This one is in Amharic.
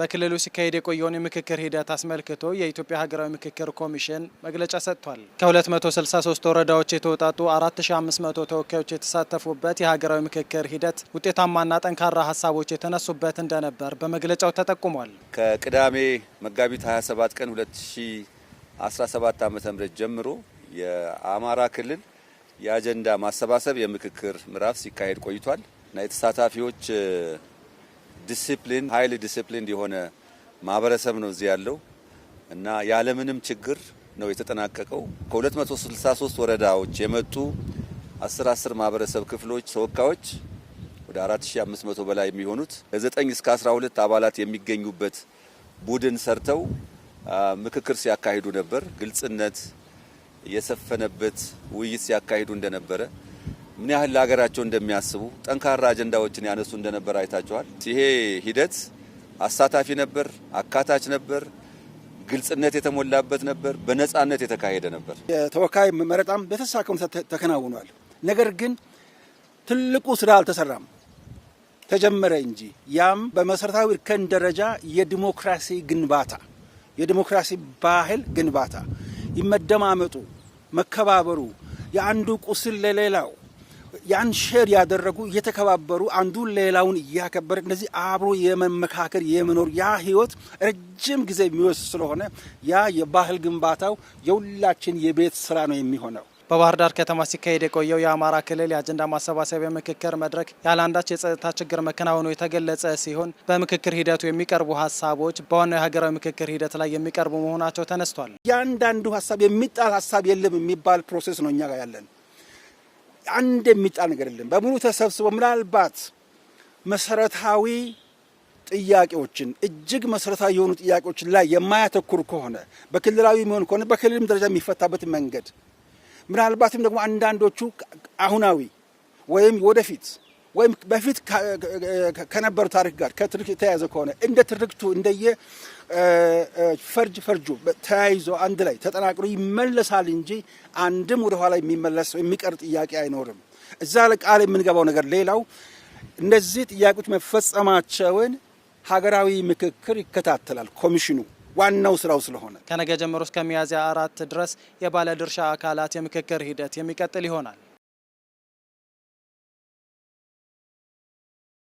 በክልሉ ሲካሄድ የቆየውን የምክክር ሂደት አስመልክቶ የኢትዮጵያ ሀገራዊ ምክክር ኮሚሽን መግለጫ ሰጥቷል። ከ263 ወረዳዎች የተውጣጡ 4500 ተወካዮች የተሳተፉበት የሀገራዊ ምክክር ሂደት ውጤታማና ጠንካራ ሀሳቦች የተነሱበት እንደነበር በመግለጫው ተጠቁሟል። ከቅዳሜ መጋቢት 27 ቀን 2017 ዓ ም ጀምሮ የአማራ ክልል የአጀንዳ ማሰባሰብ የምክክር ምዕራፍ ሲካሄድ ቆይቷል እና የተሳታፊዎች ዲሲፕሊን ሀይል ዲሲፕሊን የሆነ ማህበረሰብ ነው እዚህ ያለው እና ያለምንም ችግር ነው የተጠናቀቀው። ከ263 ወረዳዎች የመጡ 10 10 ማህበረሰብ ክፍሎች ተወካዮች ወደ 4500 በላይ የሚሆኑት ከ9 እስከ 12 አባላት የሚገኙበት ቡድን ሰርተው ምክክር ሲያካሂዱ ነበር። ግልጽነት የሰፈነበት ውይይት ሲያካሂዱ እንደነበረ ምን ያህል ለሀገራቸው እንደሚያስቡ ጠንካራ አጀንዳዎችን ያነሱ እንደነበር አይታቸዋል። ይሄ ሂደት አሳታፊ ነበር፣ አካታች ነበር፣ ግልጽነት የተሞላበት ነበር፣ በነጻነት የተካሄደ ነበር። የተወካይ መረጣም በተሳካ ተከናውኗል። ነገር ግን ትልቁ ስራ አልተሰራም፣ ተጀመረ እንጂ ያም በመሰረታዊ እርከን ደረጃ የዲሞክራሲ ግንባታ የዲሞክራሲ ባህል ግንባታ ይመደማመጡ፣ መከባበሩ፣ የአንዱ ቁስል ለሌላው ያን ሼር ያደረጉ እየተከባበሩ አንዱ ሌላውን እያከበረ እነዚህ አብሮ የመመካከር የመኖር ያ ህይወት ረጅም ጊዜ የሚወስድ ስለሆነ ያ የባህል ግንባታው የሁላችን የቤት ስራ ነው የሚሆነው። በባህር ዳር ከተማ ሲካሄድ የቆየው የአማራ ክልል የአጀንዳ ማሰባሰቢ ምክክር መድረክ ያለአንዳች የጸጥታ ችግር መከናወኑ የተገለጸ ሲሆን በምክክር ሂደቱ የሚቀርቡ ሀሳቦች በዋናው የሀገራዊ ምክክር ሂደት ላይ የሚቀርቡ መሆናቸው ተነስቷል። እያንዳንዱ ሀሳብ የሚጣል ሀሳብ የለም የሚባል ፕሮሴስ ነው እኛ ጋር ያለን አንድ የሚጣል ነገር የለም። በሙሉ ተሰብስበው ምናልባት መሰረታዊ ጥያቄዎችን እጅግ መሰረታዊ የሆኑ ጥያቄዎችን ላይ የማያተኩር ከሆነ በክልላዊ የሚሆን ከሆነ በክልልም ደረጃ የሚፈታበት መንገድ ምናልባትም ደግሞ አንዳንዶቹ አሁናዊ ወይም ወደፊት ወይም በፊት ከነበሩ ታሪክ ጋር ከትርክ የተያያዘ ከሆነ እንደ ትርክቱ እንደየ ፈርጅ ፈርጁ ተያይዞ አንድ ላይ ተጠናቅሮ ይመለሳል እንጂ አንድም ወደኋላ የሚመለስ የሚቀር ጥያቄ አይኖርም። እዛ ቃል የምንገባው ነገር ሌላው እነዚህ ጥያቄዎች መፈጸማቸውን ሀገራዊ ምክክር ይከታተላል ኮሚሽኑ ዋናው ስራው ስለሆነ ከነገ ጀምሮ እስከ ሚያዝያ አራት ድረስ የባለድርሻ አካላት የምክክር ሂደት የሚቀጥል ይሆናል።